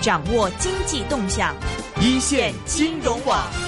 掌握經濟動向，一線金融網。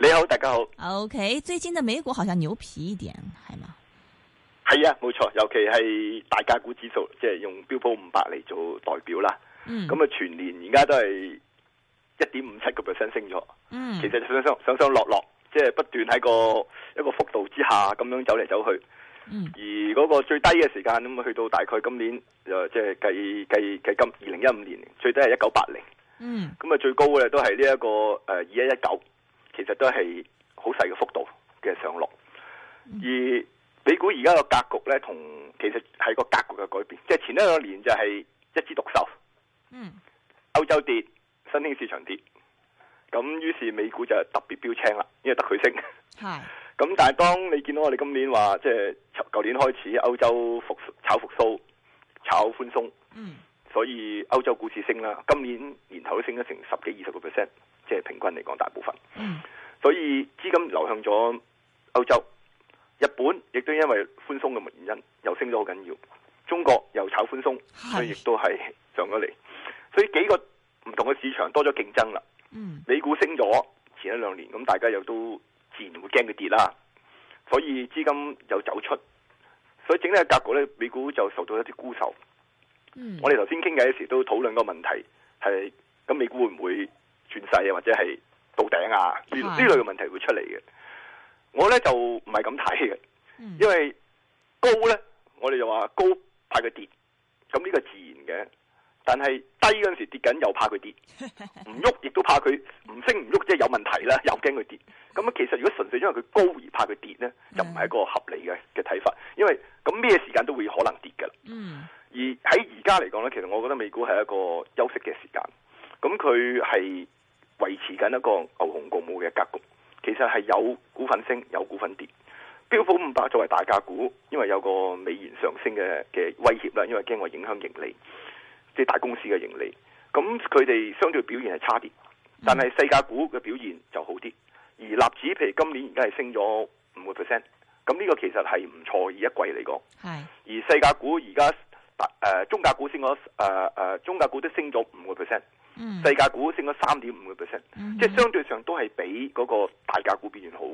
你好，大家好。OK，最近嘅美股好像牛皮一點係嘛？係啊，冇錯，尤其係大價股指數，即係用標普五百嚟做代表啦。嗯，咁啊，全年而家都係一點五七個 percent 升咗。嗯，其實上上落落，即係不斷喺個一個幅度之下咁樣走嚟走去。嗯，而嗰個最低嘅時間咁啊，去到大概今年誒，即係計計計今二零一五年最低係一九八零。嗯，咁啊，最高嘅都係呢一個誒二一一九。其實都係好細嘅幅度嘅上落，而美股而家個格局呢，同其實係一個格局嘅改變。即係前一兩年就係一枝獨秀，嗯，歐洲跌，新興市場跌，咁於是美股就特別標青啦，因為得佢升。係是，咁但係當你見到我哋今年話，即係舊年開始歐洲復炒復甦、炒寬鬆，嗯，所以歐洲股市升啦，今年年頭都升咗成十幾二十個 percent。即係平均嚟講，大部分，所以資金流向咗歐洲、日本，亦都因為寬鬆嘅原因，又升咗好緊要。中國又炒寬鬆，所以亦都係上咗嚟。所以幾個唔同嘅市場多咗競爭啦。美股升咗前一兩年，咁大家又都自然會驚佢跌啦。所以資金又走出，所以整體格局咧，美股就受到一啲沽售。我哋頭先傾偈時都討論個問題係，咁美股會唔會轉勢啊，或者係到頂啊，呢的類嘅問題會出嚟嘅。我咧就唔係咁睇嘅，嗯、因為高咧，我哋又話高怕佢跌，咁呢個是自然嘅。但係低嗰陣時候跌緊， 又怕佢跌，唔喐亦都怕佢唔升唔喐，即係有問題啦，又驚佢跌。咁其實如果純粹因為佢高而怕佢跌咧，嗯、就唔係一個合理嘅嘅睇法。因為咁咩時間都會可能跌噶。嗯，而喺而家嚟講咧，其實我覺得美股係一個休息嘅時間，咁佢係。維持緊一個牛熊共舞嘅格局，其實係有股份升，有股份跌。標普五百作為大價股，因為有個美元上升嘅嘅威脅啦，因為驚我影響盈利，即係大公司嘅盈利。咁佢哋相對表現係差啲，但係世界股嘅表現就好啲。而納指譬如今年而家係升咗五個 percent，咁呢個其實係唔錯，以一季嚟講。係，而世界股而家，誒中價股升咗誒誒中價股都升咗五個 percent。嗯、細價股升咗三點五個 percent，即係相對上都係比嗰個大價股表現好，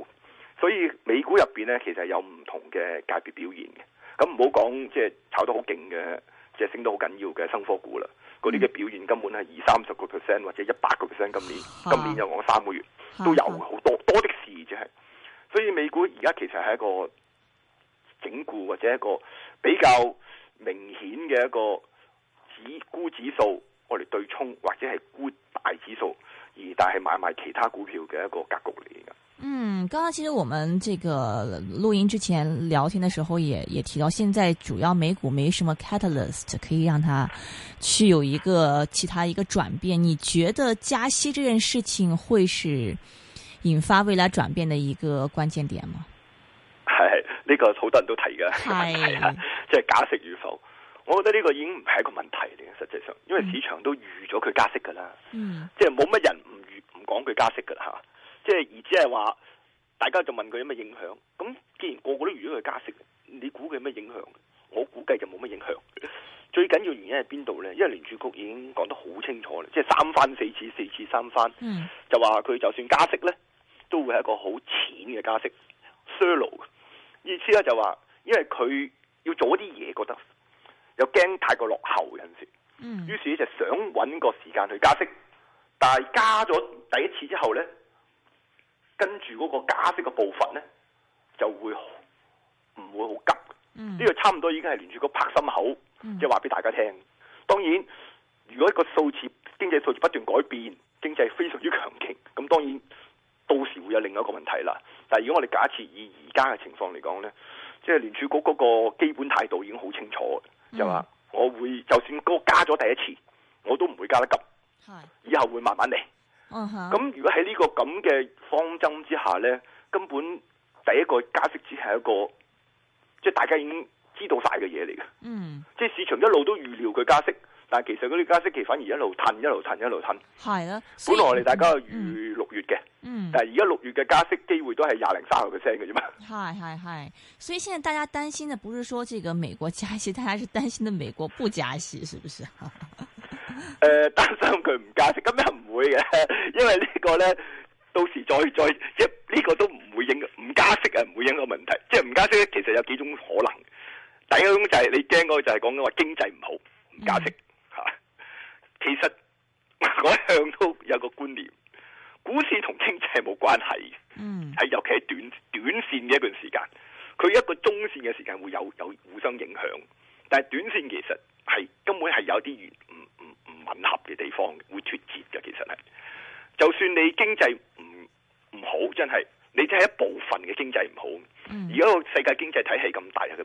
所以美股入邊咧其實有唔同嘅界別表現嘅。咁唔好講即係炒得好勁嘅，即、就、係、是、升得好緊要嘅生科股啦，嗰啲嘅表現根本係二三十個 percent 或者一百個 percent。今年、啊、今年又講三個月都有好多很多啲事，即係。所以美股而家其實係一個整固或者一個比較明顯嘅一個指估指數。我哋對沖或者係沽大指數，而但係買埋其他股票嘅一個格局嚟嘅。嗯，剛剛其實我們這個錄音之前聊天嘅時候也，也也提到，現在主要美股沒什麼 catalyst 可以讓它去有一個其他一個轉變。你覺得加息這件事情會是引發未來轉變的一個關鍵點嗎？係呢個好多人都提嘅問題啦，即係假設與否。我覺得呢個已經唔係一個問題嚟嘅，實際上，因為市場都預咗佢加息噶啦，嗯，即係冇乜人唔預唔講佢加息噶吓、啊，即係而只係話大家就問佢有咩影響。咁既然個個都預咗佢加息，你估佢有咩影響？我估計就冇咩影響。最緊要的原因係邊度咧？因為聯儲局已經講得好清楚，即係三番、四次，四次三番，嗯、就話佢就算加息咧，都會係一個好淺嘅加息 slow 意思咧就話，因為佢要做一啲嘢，覺得。有驚太過落後嘅意思，於是就想揾個時間去加息，但係加咗第一次之後咧，跟住嗰個加息嘅步伐咧就會唔會好急？呢、嗯、個差唔多已經係聯儲局拍心口，即係話俾大家聽。當然，如果一個數字經濟數字不斷改變，經濟非常之強勁，咁當然到時會有另外一個問題啦。但係如果我哋假設以而家嘅情況嚟講咧，即係聯儲局嗰個基本態度已經好清楚了。就話，嗯、我會就算個加咗第一次，我都唔會加得急，是以後會慢慢嚟。咁、uh huh, 如果喺呢個咁嘅方針之下呢，根本第一個加息只係一個，即、係、大家已經知道晒嘅嘢嚟嘅。即、嗯、市場一路都預料佢加息。但係其實嗰啲加息期反而一路褪，一路褪，一路褪。係啦，本來我哋大家預六月嘅，嗯嗯、但係而家六月嘅加息機會都係廿零三十 percent 嘅啫嘛。係係係，所以現在大家擔心嘅，不是說這個美國加息，大家是擔心的美國不加息，是不是？誒、呃，擔心佢唔加息，根本係唔會嘅，因為這個呢個咧，到時再再即係呢個都唔會影唔加息啊，唔會影個問題。即係唔加息其實有幾種可能。第一種就係你驚嗰個就係講緊話經濟唔好唔加息。嗯其實我一向都有個觀念，股市同經濟係冇關係嗯，係尤其係短短線嘅一段時間，佢一個中線嘅時間會有有互相影響，但係短線其實係根本係有啲唔唔唔唔吻合嘅地方會脫節嘅。其實係，就算你經濟唔唔好，真係你就係一部分嘅經濟唔好，而家個世界經濟體系咁大啊，咁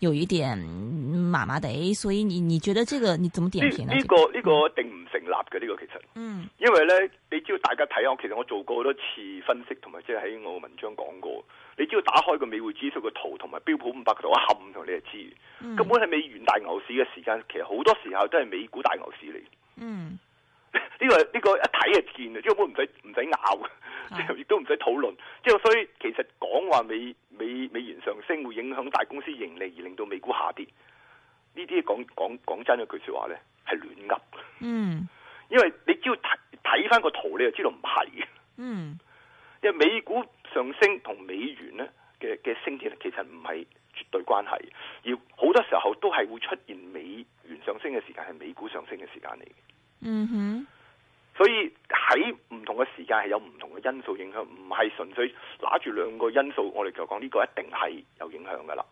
有一點麻麻地，所以你你覺得這個你怎麼點評呢？呢、這個呢、這個定唔成立嘅呢、這個其實，嗯，因為呢，你只要大家睇下，其實我做過好多次分析，同埋即係喺我文章講過，你只要打開個美匯指數嘅圖同埋標普五百嘅圖，冚同你就知，根本係美元大牛市嘅時間，其實好多時候都係美股大牛市嚟，嗯。呢個呢個一睇就見啊，根本唔使唔使拗，亦都唔使討論。即係所以，其實講話美美美元上升會影響大公司盈利，而令到美股下跌。呢啲講講講真一句說話咧，係亂噏。嗯，因為你只要睇睇翻個圖，你就知道唔係。嗯，因為美股上升同美元咧嘅嘅升跌，其實唔係絕對關係。而好多時候都係會出現美元上升嘅時間，係美股上升嘅時間嚟。嗯哼，mm hmm. 所以喺唔同嘅時間係有唔同嘅因素影響，唔係純粹拿住兩個因素，我哋就講呢個一定係有影響噶啦。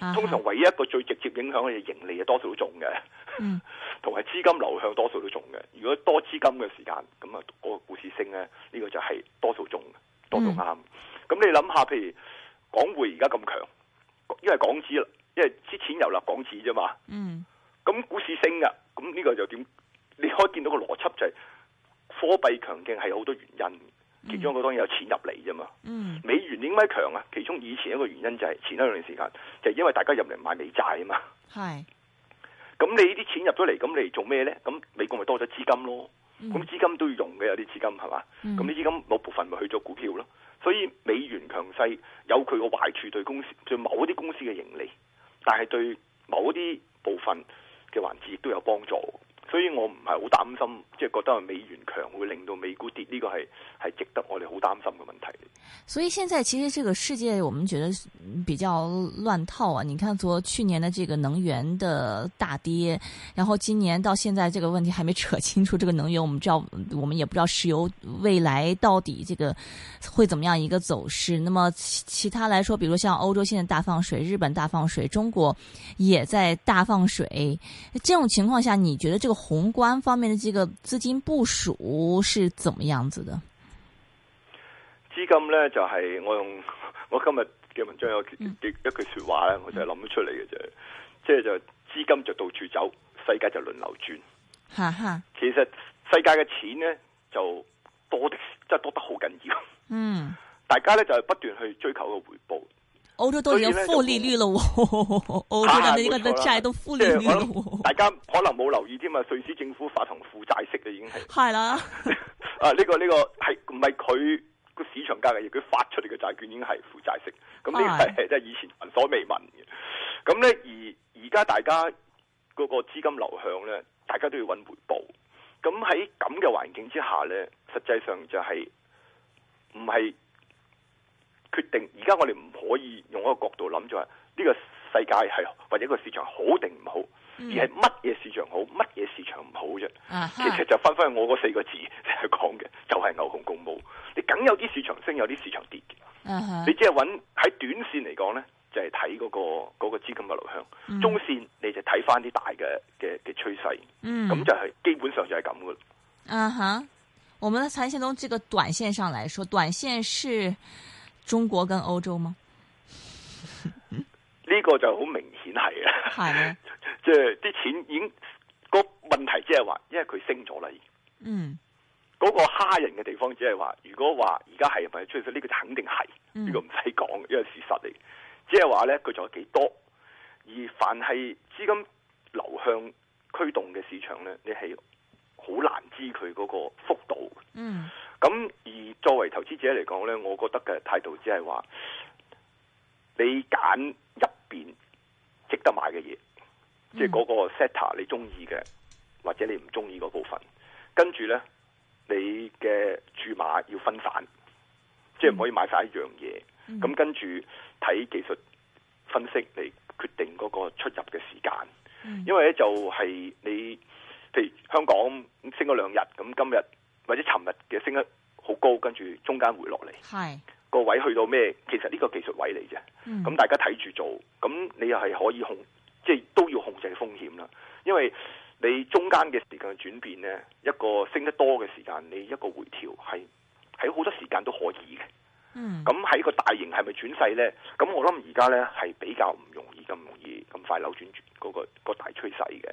Uh huh. 通常唯一一個最直接影響嘅盈利係多數都中嘅，同埋資金流向多數都中嘅。如果多資金嘅時間，咁啊，個股市升咧，呢、這個就係多數中嘅，多數啱。咁、mm hmm. 你諗下，譬如港匯而家咁強，因為港紙啦，因為啲錢流入港紙啫嘛。嗯、mm，咁、hmm. 股市升啊，咁呢個就點？你可以見到個邏輯就係貨幣強勁係好多原因，其中佢當然有錢入嚟啫嘛。嗯、美元點解強啊？其中以前一個原因就係前一段時間就係，因為大家入嚟買美債啊嘛。係是。咁你呢啲錢入咗嚟，咁你做咩咧？咁美國咪多咗資金咯？咁資金都要用嘅，有啲資金係嘛？咁啲資金某部分咪去咗股票咯。所以美元強勢有佢個壞處對公司，對某一啲公司嘅盈利，但係對某一啲部分嘅環節亦都有幫助。所以我唔係好擔心，即係覺得美元強會令到美股跌呢個係，係值得我哋好擔心嘅問題。所以現在其實這個世界，我們覺得比較亂套啊！你看，從去年的這個能源的大跌，然後今年到現在，這個問題還沒扯清楚。這個能源，我們知道，我們也不知道石油未來到底這個會怎麼樣一個走勢。那麼其他來說，比如像歐洲現在大放水，日本大放水，中國也在大放水。這種情況下，你覺得這個？宏觀方面的這個資金部署是怎麼樣子的？資金呢，就係、是、我用我今日嘅文章有一一句說話呢，嗯、我想就係諗出嚟嘅啫，即係就資金就到處走，世界就輪流轉。哈哈，其實世界嘅錢呢，就多的，即係多得好緊要。嗯，大家呢，就係、是、不斷去追求個回報。歐洲都已經負利率咯、哦，歐洲你呢個債都負利率咯、哦啊。即、哦嗯、大家可能冇留意添啊，瑞士政府發行負債息是啦 啊，已經係係啦。啊、這個，呢個呢個係唔係佢個市場價嘅，而佢發出嚟嘅債券已經係負債息。咁呢個係即係以前聞所未聞嘅。咁咧，而而家大家嗰個資金流向咧，大家都要揾回報。咁喺咁嘅環境之下咧，實際上就係唔係。決定而家我哋唔可以用一個角度諗咗，呢、這個世界係或者這個市場好定唔好，而係乜嘢市場好，乜嘢市場唔好啫。嗯、其實就翻翻去我嗰四個字嚟講嘅，就係、是就是、牛熊共舞。你梗有啲市場升，有啲市場跌嘅。啊、哈你只係揾喺短線嚟講咧，就係睇嗰個嗰、那個資金嘅流向。嗯、中線你就睇翻啲大嘅嘅嘅趨勢。咁、嗯、就係、是、基本上就係咁噶啦。嗯、啊、哈，我們的陳先生，這個短線上來說，短線是。中國跟歐洲嗎？呢個就好明顯係啊係，即係啲錢已經、個問題，即係話，因為佢升咗啦，嗯，嗰個嚇人嘅地方，只係話，如果話而家係咪，係、出、呢個就肯定係呢個唔使講，因為事實嚟，即係話咧，佢仲有幾多，而凡係資金流向驅動嘅市場咧，你係。好難知佢嗰個幅度。嗯。咁而作為投資者嚟講呢，我覺得嘅態度只係話，你揀入邊值得買嘅嘢，即係嗰個 setter 你中意嘅，或者你唔中意嗰部分，跟住呢，你嘅注碼要分散，即係唔可以買晒一樣嘢。咁跟住睇技術分析嚟決定嗰個出入嘅時間。因為咧就係你。如香港升咗兩日，咁今日或者尋日嘅升得好高，跟住中間回落嚟，係是個位去到咩？其實呢個技術位嚟啫。咁、嗯、大家睇住做，咁你又係可以控，即、就、係、是、都要控制風險啦。因為你中間嘅時間轉變呢，一個升得多嘅時間，你一個回調係喺好多時間都可以嘅。嗯，咁喺個大型係咪轉勢呢？咁我諗而家呢係比較唔容易咁容易咁快扭轉嗰、那個、那個大趨勢嘅。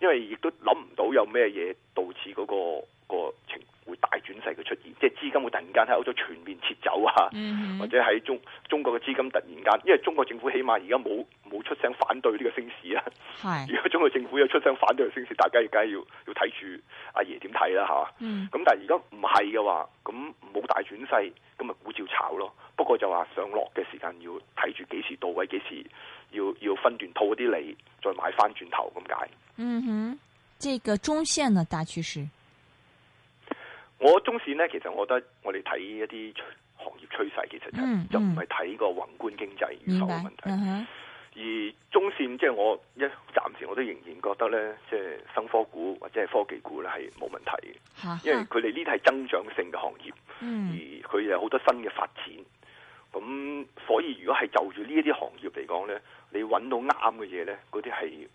因為亦都諗唔到有咩嘢導致嗰個。個情會大轉勢嘅出現，即係資金會突然間喺歐洲全面撤走啊，嗯、或者喺中中國嘅資金突然間，因為中國政府起碼而家冇冇出聲反對呢個升市啊。係是如果中國政府有出聲反對嘅升市，大家亦梗係要要睇住阿爺點睇啦吓。咁、嗯啊、但係而家唔係嘅話，咁冇大轉勢，咁咪股照炒咯。不過就話上落嘅時間要睇住幾時到位，幾時要要分段套一啲利，再買翻轉頭咁解。這個、嗯哼、呢、這個中線嘅大趨勢。我中線咧，其實我覺得我哋睇一啲行業趨勢，嗯、其實就唔係睇個宏觀經濟與否嘅問題。嗯、而中線即係、就是、我一暫時，我都仍然覺得咧，即係生科股或者係科技股咧係冇問題嘅，哈哈因為佢哋呢啲係增長性嘅行業，嗯、而佢有好多新嘅發展。咁所以如果係就住呢一啲行業嚟講咧，你揾到啱嘅嘢咧，嗰啲係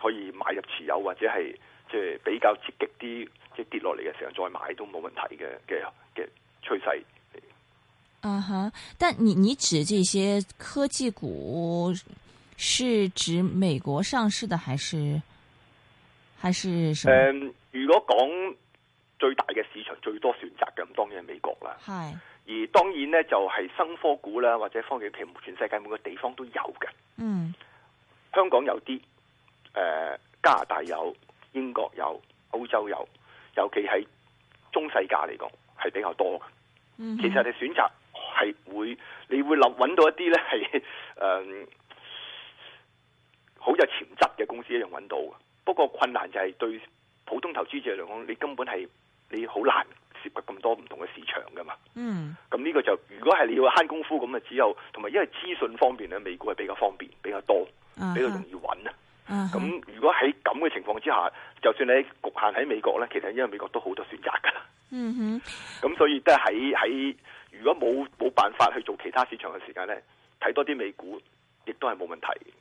可以買入持有或者係即係比較積極啲。即跌落嚟嘅時候再買都冇問題嘅嘅嘅趨勢。啊哈！Uh huh. 但你你指這些科技股是指美國上市的，還是還是什麼？誒、嗯，如果講最大嘅市場，最多選擇嘅，當然係美國啦。係 Hi. 而當然呢，就係，是，生科股啦，或者科技其實全世界每個地方都有嘅。嗯，香港有啲，誒、呃，加拿大有，英國有，歐洲有。尤其喺中細價嚟講係比較多嘅，其實你選擇係會，你會揾到一啲呢係誒好有潛質嘅公司一樣揾到嘅。不過困難就係對普通投資者嚟講，你根本係你好難涉及咁多唔同嘅市場噶嘛。嗯，咁呢個就如果係你要慳功夫咁啊，只有同埋因為資訊方面咧，美股係比較方便，比較多，比較容易揾啊。咁如果喺咁嘅情況之下，就算你局限喺美國呢，其實因為美國都好多選擇噶啦。嗯哼，咁所以即係喺喺，如果冇冇辦法去做其他市場嘅時間呢，睇多啲美股，亦都係冇問題嘅。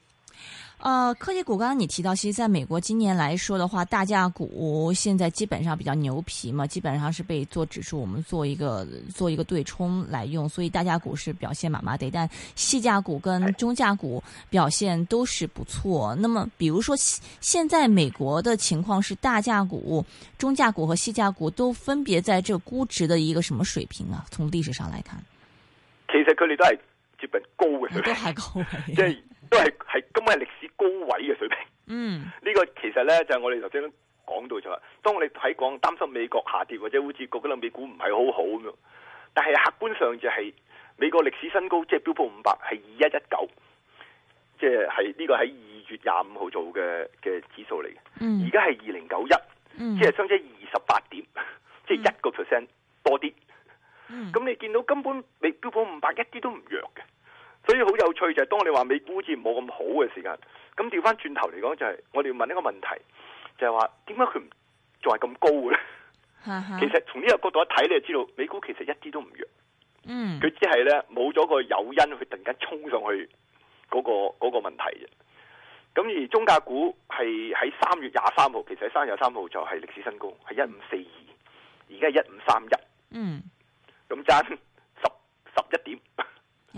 呃，科技股剛剛你提到，其實在美國今年來說的話，大價股現在基本上比較牛皮嘛，基本上是被做指數，我們做一個做一個對沖來用，所以大價股是表現麻麻的，但細價股跟中價股表現都是不錯。哎、那麼，比如說現在美國的情況是，大價股、中價股和細價股都分別在這估值的一個什麼水平啊？從歷史上來看，其實佢哋都係接近高嘅，都係高嘅，都係係根本係歷史高位嘅水平。嗯，呢個其實咧就係、是、我哋頭先都講到咗。當你喺講擔心美國下跌或者好似覺得美股唔係好好咁樣，但係客觀上就係、是、美國歷史新高，即係標普五百係二一一九，即係呢個喺二月廿五號做嘅嘅指數嚟嘅。而家係二零九一，91, 嗯、即係相差二十八點，即係一個 percent 多啲。嗯，咁、嗯、你見到根本美標普五百一啲都唔弱嘅。所以好有趣就係、是、當你哋話美股好似冇咁好嘅時間，咁調翻轉頭嚟講就係、是、我哋要問一個問題，就係話點解佢唔仲係咁高嘅咧？哈哈，其實從呢個角度一睇，你就知道美股其實一啲都唔弱。嗯，佢只係咧冇咗個誘因佢突然間衝上去嗰、那個嗰、那個問題啫。咁而中價股係喺三月廿三號，其實喺三月廿三號就係歷史新高，係一五四二，而家係一五三一，嗯，咁爭十十一點。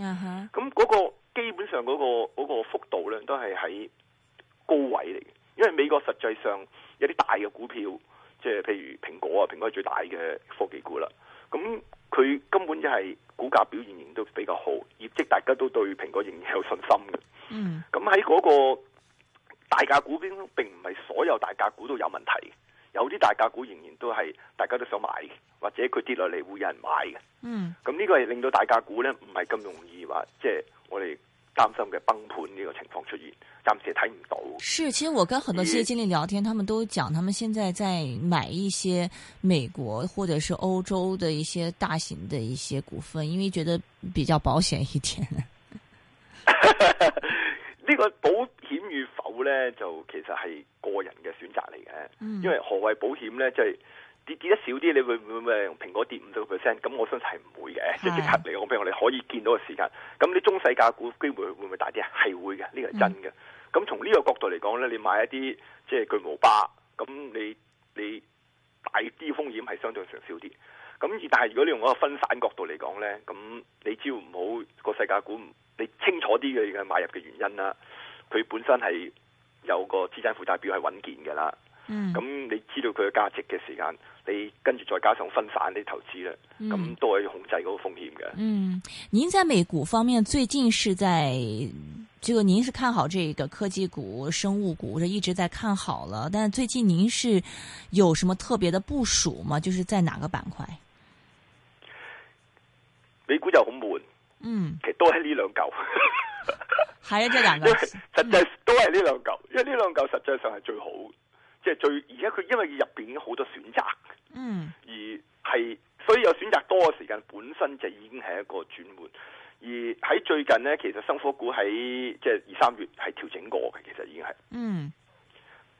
咁嗰、uh huh. 個基本上嗰、嗰個、嗰個幅度咧，都係喺高位嚟嘅。因為美國實際上有啲大嘅股票，即係譬如蘋果啊，蘋果係最大嘅科技股啦。咁佢根本就係股價表現仍然都比較好，業績大家都對蘋果仍然有信心嘅。咁喺嗰個大價股邊，並唔係所有大價股都有問題。有啲大價股仍然都係大家都想買的，或者佢跌落嚟，會有人買嘅。嗯，咁呢個係令到大價股咧唔係咁容易話，即係我哋擔心嘅崩盤呢個情況出現，暫時睇唔到。是，其實我跟很多基金經理聊天，而他們都講，他們現在在買一些美國或者是歐洲的一些大型的一些股份，因為覺得比較保險一點。 呢個保險與否咧，就其實係個人嘅選擇嚟嘅。嗯、因為何謂保險咧，就係、是、跌跌得少啲，你會唔會蘋果跌五十個 percent？咁我相信係唔會嘅，是 即係即，即刻嚟講俾我哋可以見到嘅時間。咁你中細價股機會會唔會大啲啊？係會嘅，呢個係真嘅。咁、嗯、從呢個角度嚟講咧，你買一啲即係巨無霸，咁你你大啲風險係相對上少啲。咁但係如果你用一個分散角度嚟講咧，咁你只要唔好個細價股唔。你清楚啲佢嘅買入嘅原因啦，佢本身係有個資產負債表係穩健嘅啦。嗯，咁你知道佢嘅價值嘅時間，你跟住再加上分散啲投資啦，咁、嗯、都可以控制嗰個風險嘅。嗯，您在美股方面最近是在，就個您是看好這個科技股、生物股，就一直在看好了。但最近您是有什麼特別的部署嗎？就是在哪個板塊？美股就好悶。嗯，其實都係呢兩嚿，係啊，真係噶，因為實際都係呢兩嚿，因為呢兩嚿實際上係最好，即係最，而家佢因為入邊已經好多選擇，嗯，而係所以有選擇多嘅時間，本身就已經係一個轉換，而喺最近咧，其實生科股喺，即係二三月係調整過嘅，其實已經係嗯。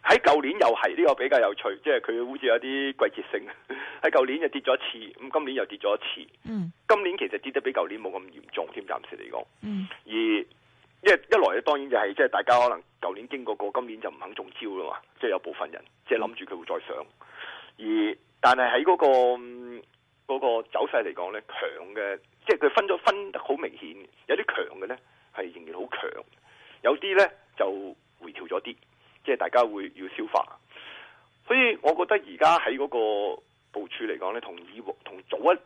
喺舊年又係呢個比較有趣，即係佢好似有啲季節性。喺舊年就跌咗一次，咁今年又跌咗一次。嗯，今年其實跌得比舊年冇咁嚴重添，暫時嚟講。嗯，而一一來當然就係即係大家可能舊年經過過，今年就唔肯中招啦嘛。即係有部分人即係諗住佢會再上，而但係喺嗰個嗰個走勢嚟講咧，強嘅，即係佢分咗分得好明顯，有啲強嘅咧係仍然好強，有啲咧就回調咗啲。即係大家會要消化，所以我覺得而家喺嗰個部署嚟講咧，同以往同早一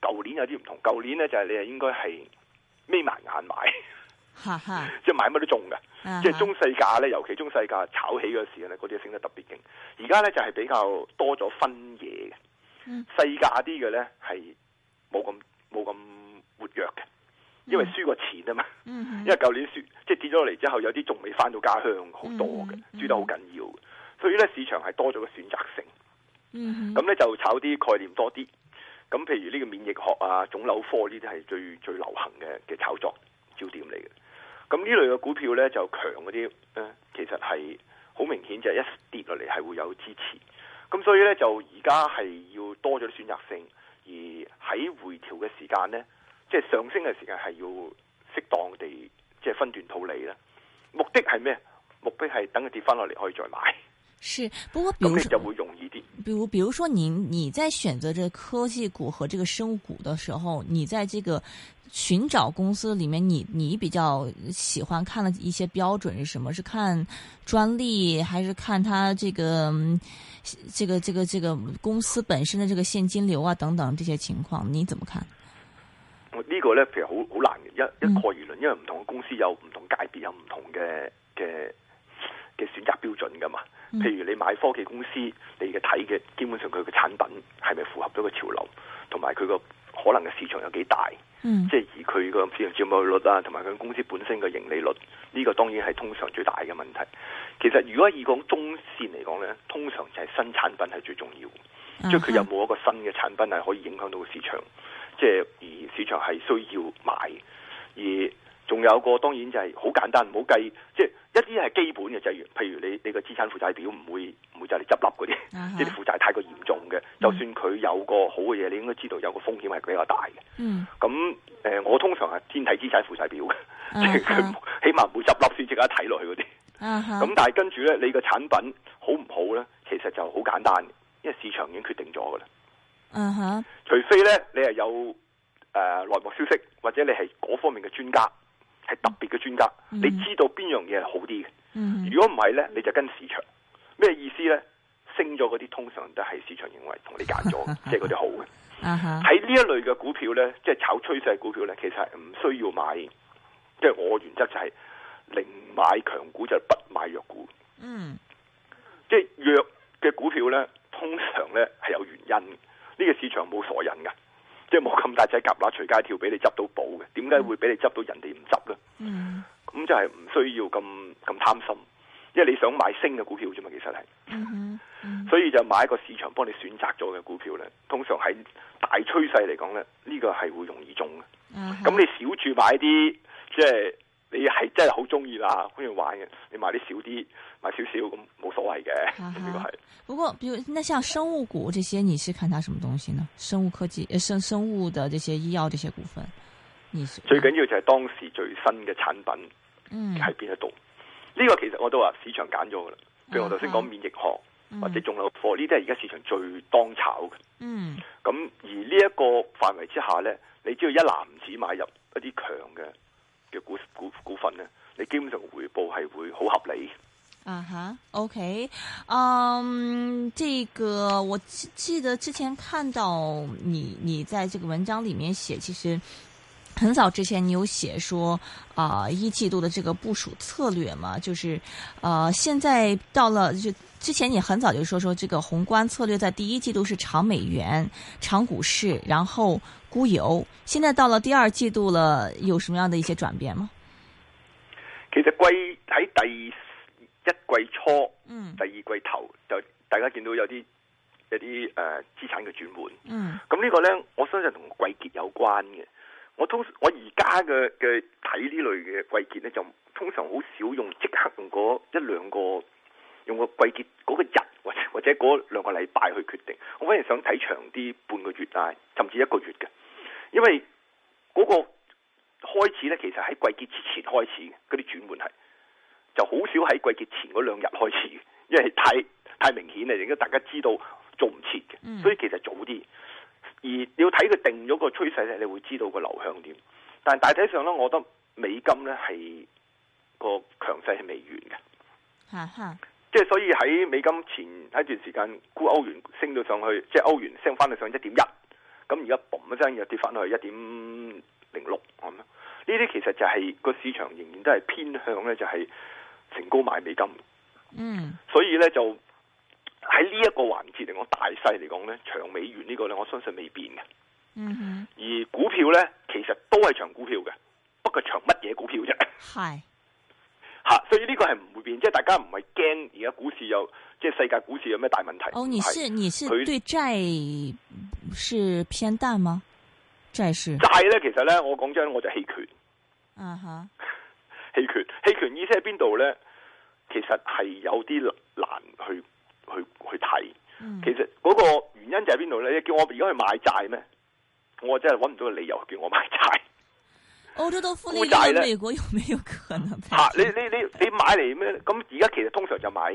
舊年有啲唔同。舊年咧就係、是、你係應該係眯埋眼買， 即係買乜都中嘅。 即係中細價咧，尤其中細價炒起嗰時咧，嗰啲升得特別勁。而家咧就係、是、比較多咗分嘢嘅，細價啲嘅咧係冇咁冇咁活躍嘅。因為輸過錢啊嘛，因為舊年輸即係跌咗落嚟之後，有啲仲未翻到家鄉，好多嘅輸得好緊要，所以咧市場係多咗個選擇性，咁咧、嗯、就炒啲概念多啲，咁譬如呢個免疫學啊、腫瘤科呢啲係最最流行嘅嘅炒作焦點嚟嘅，咁呢類嘅股票咧就強嗰啲咧，其實係好明顯就係一跌落嚟係會有支持，咁所以咧就而家係要多咗啲選擇性，而喺回調嘅時間咧。即係上升嘅時間係要適當地即係分段套利啦。目的係咩？目的係等佢跌翻落嚟可以再買。是，不過比如咁你就會容易啲。比如，比如說你你在選擇這科技股和這個生物股的時候，你在這個尋找公司裏面，你你比較喜歡看的一些標準是什麼？是看專利，還是看它這個這個這個這個公司本身的這個現金流啊等等這些情況？你怎麼看？呢個呢，其實好好難嘅，一一概而論，因為唔同公司有唔同界別，有唔同嘅嘅嘅選擇標準噶嘛。譬如你買科技公司，你嘅睇嘅基本上佢嘅產品係咪符合咗個潮流，同埋佢個可能嘅市場有幾大，嗯、即係而佢個市場佔有率啊，同埋佢公司本身嘅盈利率，呢、這個當然係通常最大嘅問題。其實如果以講中線嚟講呢，通常就係新產品係最重要的，即係佢有冇一個新嘅產品係可以影響到個市場。即係，而市場係需要買，而仲有一個當然就係好簡單，唔好計。即、就、係、是、一啲係基本嘅，就如、是、譬如你你個資產負債表唔會唔會、uh huh. 就嚟執笠嗰啲，即係負債太過嚴重嘅，就算佢有個好嘅嘢，mm. 你應該知道有個風險係比較大嘅。咁誒、mm. 呃，我通常係先睇資產負債表嘅，即係佢起碼唔會執笠先，即刻睇落去嗰啲。咁、huh. 但係跟住呢，你個產品好唔好呢？其實就好簡單，因為市場已經決定咗㗎啦。Uh huh. 除非咧，你係有誒內、呃、幕消息，或者你係嗰方面嘅專家，係特別嘅專家，mm hmm. 你知道邊樣嘢係好啲嘅。如果唔係呢，你就跟市場。咩意思呢？升咗嗰啲通常都係市場認為同你揀咗，即係嗰啲好嘅。喺呢、uh huh. 一類嘅股票呢，即、就、係、是、炒趨勢股票呢，其實係唔需要買。即、就、係、是、我原則就係寧買強股，就是、不買弱股。嗯、mm，即、hmm. 係弱嘅股票呢，通常呢係有原因。呢個市場冇傻人嘅，即係冇咁大隻蛤乸隨街跳俾你執到寶嘅，點解會俾你執到人哋唔執咧？咁、嗯、就係唔需要咁咁貪心，因為你想買升嘅股票啫嘛，其實係，嗯嗯、所以就買一個市場幫你選擇咗嘅股票呢，通常喺大趨勢嚟講咧，呢、呢個係會容易中嘅。咁、嗯、哼你少住買啲，即係。你係真係好中意啦，好中意玩嘅，你買啲少啲，買少少咁冇所謂嘅呢個係。不過，比如那像生物股這些，你是看它什麼東西呢？生物科技、生生物的這些醫藥這些股份，你最緊要就係當時最新嘅產品，嗯，喺邊一度？呢個其實我都話市場揀咗噶啦。譬如我頭先講免疫學、嗯、或者腫瘤科呢啲，係而家市場最當炒嘅。嗯、咁、嗯、而呢一個範圍之下咧，你只要一籃子買入一啲強嘅，股股股份呢，你基本上回報係會好合理的。啊哈、uh huh,，OK，嗯、um,，這個我記得之前看到你，你在這個文章裏面寫，其實很早之前你有寫說，啊、呃，一季度的這個部署策略嘛，就是，啊、呃，現在到了就之前你很早就說說，這個宏觀策略在第一季度是長美元、長股市，然後，沽有，現在到了第二季度了，有什麼樣的一些轉變嗎？其實季喺第一季初，嗯，第二季頭，就大家見到有啲有啲誒、呃、資產嘅轉換，嗯，咁呢個呢，我相信同季結有關嘅。我通我而家嘅嘅睇呢類嘅季結呢，就通常好少用即刻用嗰一兩個用個季結嗰個日或者或者嗰兩個禮拜去決定。我反而想睇長啲，半個月啊，甚至一個月嘅。因為嗰個開始咧，其實喺季結之前開始，嗰啲轉換係就好少喺季結前嗰兩日開始，因為太太明顯啦，而家大家知道做唔切嘅，嗯、所以其實早啲。而你要睇佢定咗個趨勢咧，你會知道個流向點。但係大體上咧，我覺得美金咧係個強勢係未完嘅。即係、嗯、所以喺美金前在一段時間，估歐元升到上去，即、就、係、是、歐元升翻到上一點一。咁而家嘣一聲又跌翻去一點零六咁啦，呢啲其實就係、是、個市場仍然都係偏向咧，就係成高買美金，嗯，所以咧就喺呢一個環節嚟講，大勢嚟講咧，長美元呢個咧，我相信未變嘅，嗯哼，而股票咧其實都係長股票嘅，不過長乜嘢股票啫，係。吓，所以呢個係唔會變，即係大家唔係驚而家股市有，即係世界股市有咩大問題。哦，你是你是對債是偏淡嗎？債是債咧，其實咧，我講真，我就棄權。嗯、啊、哈，棄權，棄權意思喺邊度咧？其實係有啲難去去去睇。其實嗰個原因就喺邊度咧？叫我而家去買債咩？我真係揾唔到個理由叫我買債。歐洲都負利率，多多美國有沒有可能？吓、啊，你你你你買嚟咩？咁而家其實通常就買，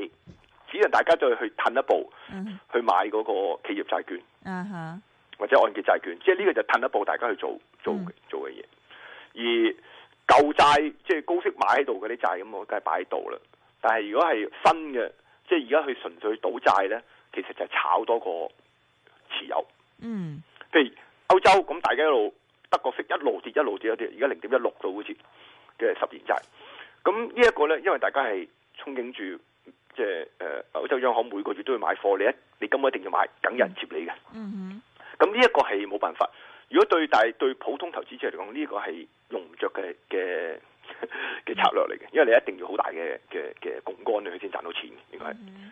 只能大家再去褪一步，嗯、哼去買嗰個企業債券，嗯、哼或者按揭債券，即係呢個就褪一步，大家去做做做嘅嘢。嗯、而舊債即係高息買喺度嗰啲債咁，我梗係擺喺度啦。但係如果係新嘅，即係而家去純粹賭債咧，其實就炒多過持有。嗯，譬如歐洲咁，那大家一路。德國息一路跌一路跌一路跌，而家零點一六度好似嘅十年債。咁呢一個咧，因為大家係憧憬住，即係誒歐洲央行每個月都要買貨，你一你今個一定要買，等人接你嘅。嗯嗯、mm。咁呢一個係冇辦法。如果對大對普通投資者嚟講，呢、這個係用唔着嘅嘅嘅策略嚟嘅，因為你一定要好大嘅嘅嘅槓桿，你先賺到錢。應該係。咁、mm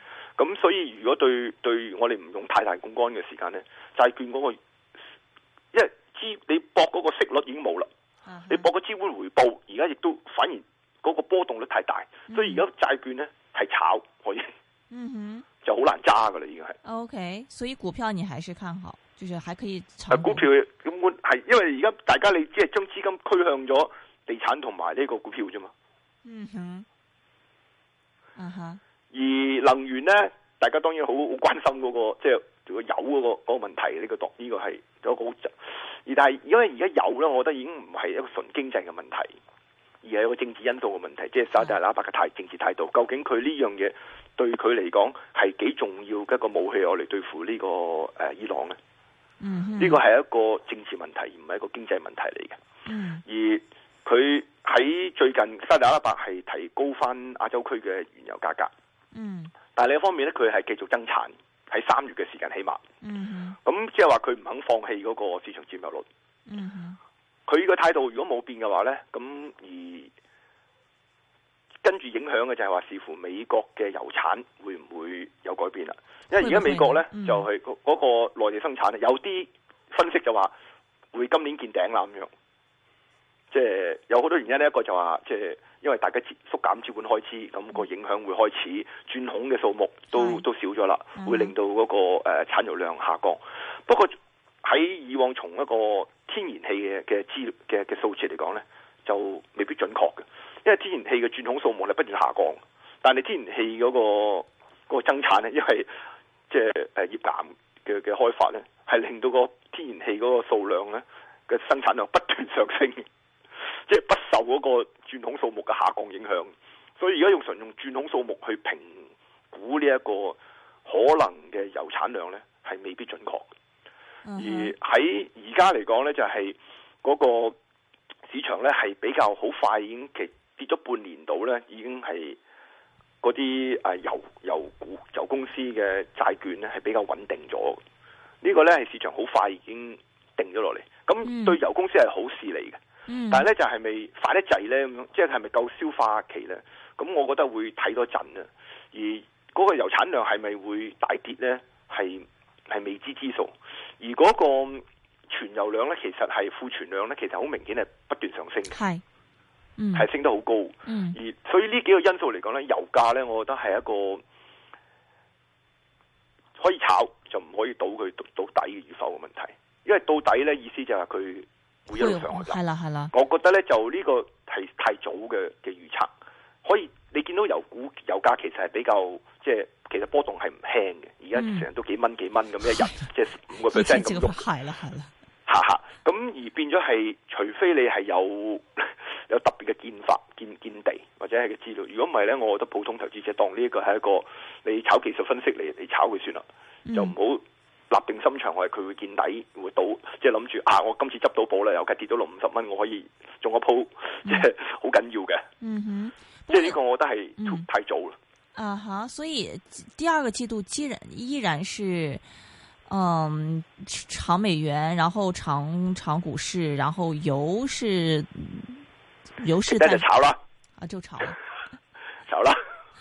hmm. 所以如果對對我哋唔用太大槓桿嘅時間咧，債券嗰、那個，因為。你博嗰個息率已經冇啦，uh huh. 你博個資本回報而家亦都反而嗰個波動率太大，uh huh. 所以而家債券咧係炒可以，uh huh. 就好難揸噶啦，已經係。OK，所以股票你還是看好，就是還可以炒。股票根本係因為而家大家你即係將資金趨向咗地產同埋呢個股票啫嘛。嗯哼，嗯哼，而能源咧，大家當然好好關心嗰個即係。就是如果有嗰、那個那個問題，呢、這個當呢個係一、那個好而，但係因為而家有啦，我覺得已經唔係一個純經濟嘅問題，而係一個政治因素嘅問題。即係、mm hmm. 沙特阿拉伯嘅態政治態度，究竟佢呢樣嘢對佢嚟講係幾重要嘅一個武器，我嚟對付呢、這個誒、啊、伊朗咧？嗯、mm，呢、hmm. 個係一個政治問題，而唔係一個經濟問題嚟嘅。嗯、mm，hmm. 而佢喺最近沙特阿拉伯係提高翻亞洲區嘅原油價格。嗯、mm，hmm. 但係另一方面咧，佢係繼續增產。喺三月嘅時間，起碼，咁即係話佢唔肯放棄嗰個市場佔有率。佢呢個態度如果冇變嘅話咧，咁而跟住影響嘅就係話，視乎美國嘅油產會唔會有改變啦。會會因為而家美國咧、嗯、哼就係嗰個內地生產咧，有啲分析就話會今年見頂啦，咁樣。即係有好多原因呢，一個就話即係。因為大家縮減資本開支，咁個影響會開始轉孔嘅數目都是都少咗啦，會令到嗰、那個誒、呃、產油量下降。不過喺以往從一個天然氣嘅嘅資嘅嘅數字嚟講呢，就未必準確嘅，因為天然氣嘅轉孔數目咧不斷下降，但係天然氣嗰、那個那個增產呢，因為即係誒頁岩嘅嘅開發呢，係令到個天然氣嗰個數量呢嘅生產量不斷上升。即係不受嗰個鑽孔數目嘅下降影響，所以而家用純用鑽孔數目去評估呢一個可能嘅油產量呢，係未必準確。而喺而家嚟講呢，就係嗰個市場呢，係比較好快已經跌跌咗半年度呢，已經係嗰啲誒油油股油公司嘅債券呢，係比較穩定咗。呢個呢，係市場好快已經定咗落嚟，咁對油公司係好事嚟嘅。嗯、但係咧，就係咪快得滯咧咁樣？即係係咪夠消化期咧？咁我覺得會睇多陣啊。而嗰個油產量係咪會大跌咧？係係未知之數。而嗰個存油量咧，其實係庫存量咧，其實好明顯係不斷上升嘅。係，係、嗯、升得好高。嗯、而所以呢幾個因素嚟講咧，油價咧，我覺得係一個可以炒就唔可以倒佢到底與否嘅問題。因為到底咧，意思就係佢。會一路上嘅就係啦，係啦。我覺得咧就呢個係太早嘅嘅預測。可以你見到油股油價其實係比較即係，其實波動係唔輕嘅。而家成日都幾蚊幾蚊咁、嗯、一日，即係五個 percent 咁喐係啦，係啦。哈哈，咁力 而變咗係，除非你係有 有特別嘅見法、見見地或者係嘅資料。如果唔係咧，我覺得普通投資者當呢一個係一個你炒技術分析，嚟，你炒佢算啦，就唔好。嗯立定心腸，我佢，會見底，會到。即係諗住啊！我今次執到寶啦，又跌跌到六五十蚊，我可以中一鋪，嗯、即係好緊要嘅。嗯哼，即係呢個我覺得係太早啦、嗯。啊哈，所以第二個季度依然依然是，嗯，長美元，然後長長股市，然後油市油市啊就炒啦！啊就 炒炒啦！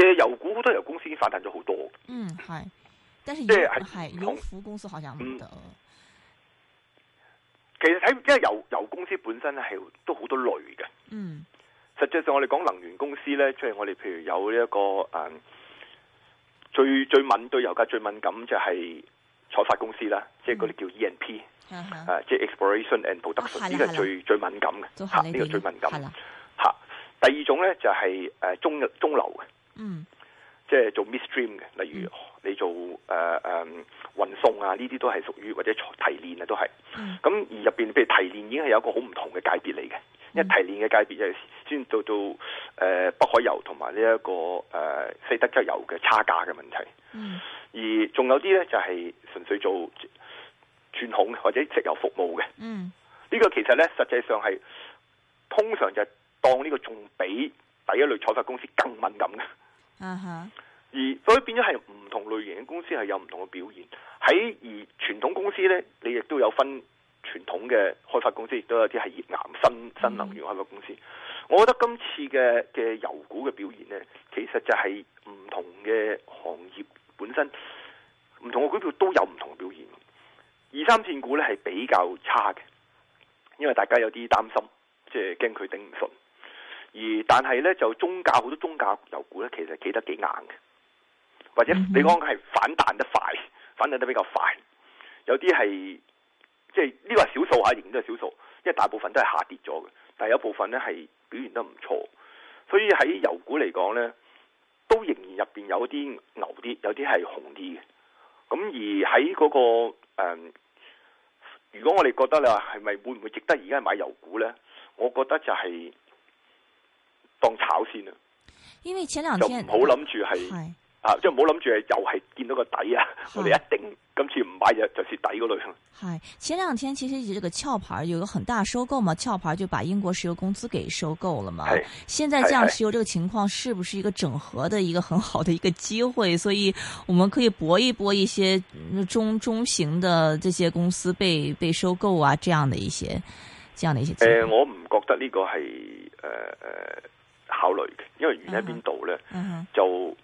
即嘅油股，好多油公司已經反彈咗好多，嗯，係，但係即係系府公司，好像唔得。其實喺因為油油公司本身咧係都好多類嘅，嗯，實際上我哋講能源公司咧，即係我哋譬如有呢一個誒，最最敏，對油價最敏感就係採發公司啦，即係嗰啲叫 E&P，n 即係 exploration and production，呢個最最敏感嘅，吓呢個最敏感，係啦，吓，第二種咧就係誒中中流嘅。嗯，即係做 midstream 嘅，例如你做誒誒運送啊，呢啲都係屬於或者提煉啊，都係、嗯。咁而入邊譬如提煉已經係有一個好唔同嘅界別嚟嘅，一、嗯、提煉嘅界別就係、先到到誒、呃、北海油同埋呢一個誒、呃、西德州油嘅差價嘅問題。嗯，而仲有啲咧就係、是、純粹做鑽孔或者石油服務嘅。嗯，呢個其實咧實際上係通常就當呢個仲比。第一類採發公司更敏感嘅，嗯哼，而所以變咗係唔同類型嘅公司係有唔同嘅表現。喺而傳統公司呢，你亦都有分傳統嘅開發公司，亦都有啲係岩新新能源開發公司。嗯、我覺得今次嘅嘅油股嘅表現呢，其實就係唔同嘅行業本身，唔同嘅股票都有唔同表現。二三線股呢係比較差嘅，因為大家有啲擔心，即係驚佢頂唔順。而但係咧，就中價好多中價油股咧，其實企得幾硬嘅，或者你講係反彈得快，反彈得比較快，有啲係即係呢個係少數嚇，仍然都係少數，因為大部分都係下跌咗嘅，但係有部分咧係表現得唔錯，所以喺油股嚟講咧，都仍然入邊有啲牛啲，有啲係紅啲嘅。咁而喺嗰、那個、呃、如果我哋覺得你話係咪會唔會值得而家買油股咧？我覺得就係、是。當炒先啦，因為前兩天唔好諗住係，是啊，即係唔好諗住係又係見到個底啊！是 我哋一定今次唔買嘅就是底嗰類。前兩天其實以這個殼牌有一個很大收購嘛，殼牌就把英國石油公司給收購了嘛。係是，現在這樣石油這個情況，是不是一個整合的、一個很好的一個機會？所以，我們可以搏一搏一些中中型的這些公司被被收購啊，這樣的一些、這樣的一些機會。誒、呃，我唔覺得呢個係誒誒。呃呃考慮嘅，因為原因喺邊度咧？Mm hmm. 就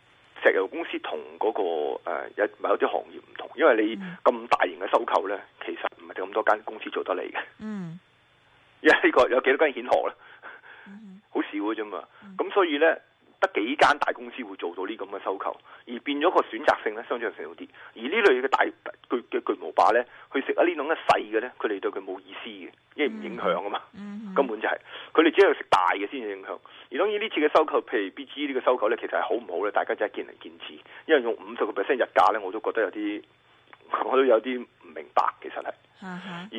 石油公司同嗰、那個誒一、呃、某啲行業唔同，因為你咁大型嘅收購咧，其實唔係咁多間公司做得嚟嘅。嗯、mm，因為呢個有幾多間蜆殼咧？Mm hmm. 好少嘅啫嘛。咁所以咧，Mm hmm. 得幾間大公司會做到呢咁嘅收購，而變咗個選擇性咧，相對少啲。而類呢類嘅大巨嘅巨無霸咧，去食一呢種一細嘅咧，佢哋對佢冇意思嘅，因為唔影響啊嘛。根本就係佢哋只係食大嘅先至影響。而當然呢次嘅收購，譬如 BG 呢個收購咧，其實係好唔好咧？大家真係見仁見智，因為用五十個 percent 日價咧，我都覺得有啲，我都有啲唔明白其實係。而呢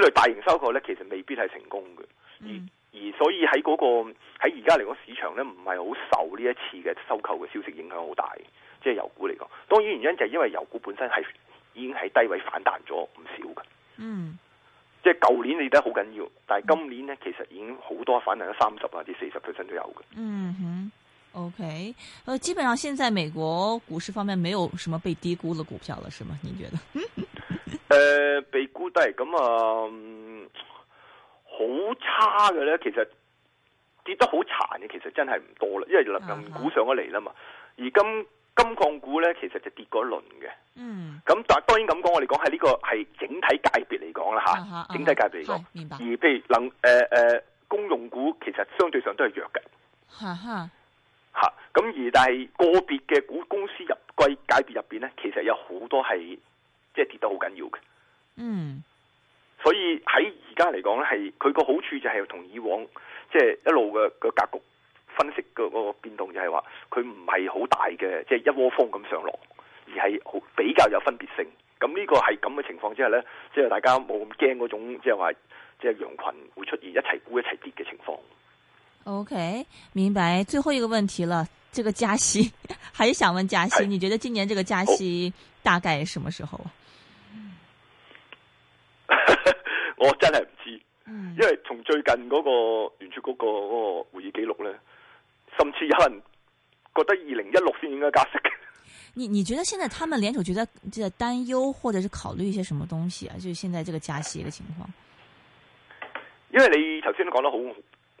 類大型收購咧，其實未必係成功嘅。而、嗯而所以喺嗰、那個喺而家嚟講，在在的市場咧唔係好受呢一次嘅收購嘅消息影響好大的，即係油股嚟講。當然原因就係因為油股本身係已經喺低位反彈咗唔少嘅。嗯，即係舊年你得好緊要，但係今年呢，嗯、其實已經好多反彈咗三十或者四十 p 身都有嘅。嗯哼，OK，呃，基本上現在美國股市方面沒有什麼被低估嘅股票啦，是嗎？你覺得？誒、 呃，被估低咁啊！好差嘅咧，其實跌得好殘嘅，其實真係唔多啦，因為能源股上咗嚟啦嘛。Uh huh. 而金金礦股咧，其實就跌過一輪嘅。嗯、uh，咁、huh. 但當然咁講，我哋講係呢個係整體界別嚟講啦，吓、uh，huh. uh huh. 整體界別嚟講。Uh huh. 而譬如能誒誒、呃呃、公用股，其實相對上都係弱嘅。吓咁、uh huh. 而但係個別嘅股公司入界別入邊咧，其實有好多係即係跌得好緊要嘅。嗯、uh。Huh. 所以喺而家嚟講咧，係佢個好處就係同以往即係、就是、一路嘅個格局分析個個變動就是它不是很，就係話佢唔係好大嘅，即係一窩蜂咁上落，而係比較有分別性。咁呢個係咁嘅情況之下咧，即、就、係、是、大家冇咁驚嗰種即係話即係羊群會出現一齊沽一齊跌嘅情況。OK，明白。最後一個問題啦，這個加息，還想問加息，是你覺得今年這個加息大概什麼時候？我真係唔知，因為從最近嗰個聯儲局個嗰個會議記錄咧，甚至有人覺得二零一六先應該加息。你你覺得現在他們聯儲局覺得在擔憂，或者是考慮一些什麼東西啊？就是、現在這個加息個情況。因為你頭先都講得好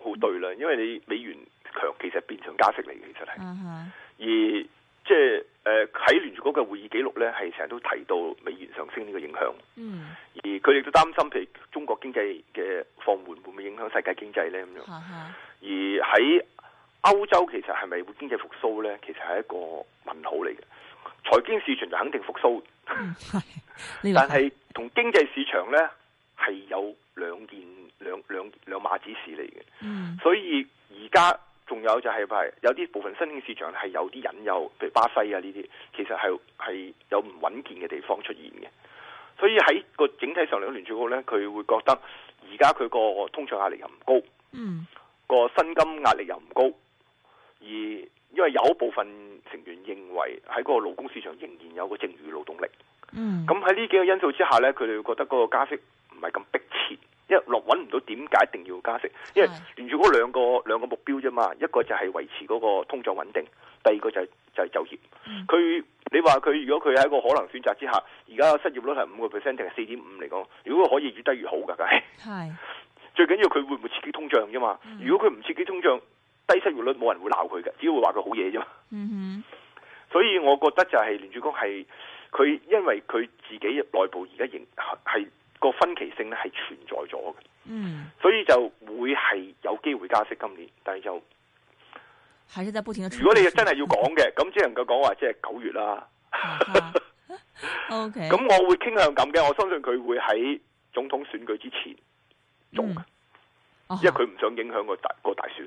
好對啦，因為你美元強，其實變成加息嚟嘅，其實係。而即係誒，喺聯儲局嘅會議記錄咧，係成日都提到美元上升呢個影響。嗯。而佢哋都擔心，譬如中國經濟嘅放緩會唔會影響世界經濟咧咁樣。嗯嗯，而喺歐洲，其實是不是經呢，其實係咪會經濟復蘇咧？其實係一個問號嚟嘅。財經市場就肯定復蘇。嗯、是但係同經濟市場咧係有兩件兩兩兩碼子事嚟嘅。嗯。所以而家。仲有就係有啲部分新興市場係有啲隱憂，譬如巴西啊呢啲，其實係係有唔穩健嘅地方出現嘅。所以喺個整體上嚟講，聯儲局呢佢會覺得而家佢個通脹壓力又唔高，嗯、個薪金壓力又唔高，而因為有部分成員認為喺個勞工市場仍然有個剩餘勞動力，咁喺呢幾個因素之下呢，佢哋會覺得嗰個加息唔係咁迫切。一落揾唔到，點解一定要加息？因為聯儲局有兩個兩個目標啫嘛，一個就係維持嗰個通脹穩定，第二個就是、就係、是、就業。佢、嗯、你話佢如果佢喺一個可能選擇之下，而家失業率係五個 percent 定係四點五嚟講，如果可以越低越好噶，梗係。係是最緊要佢會唔會刺激通脹啫嘛？嗯、如果佢唔刺激通脹，低失業率冇人會鬧佢嘅，只會話佢好嘢啫。嘛、嗯哼。所以我覺得就係聯儲局係佢因為佢自己內部而家仍係。個分歧性咧，係存在咗嘅，嗯，所以就會係有機會加息今年，但係就還是在不停，如果你真係要講嘅，咁只能夠講話，即係九月啦。O K，咁我會傾向咁嘅，我相信佢會喺總統選舉之前做嘅，嗯哦，因為佢唔想影響個大個大選。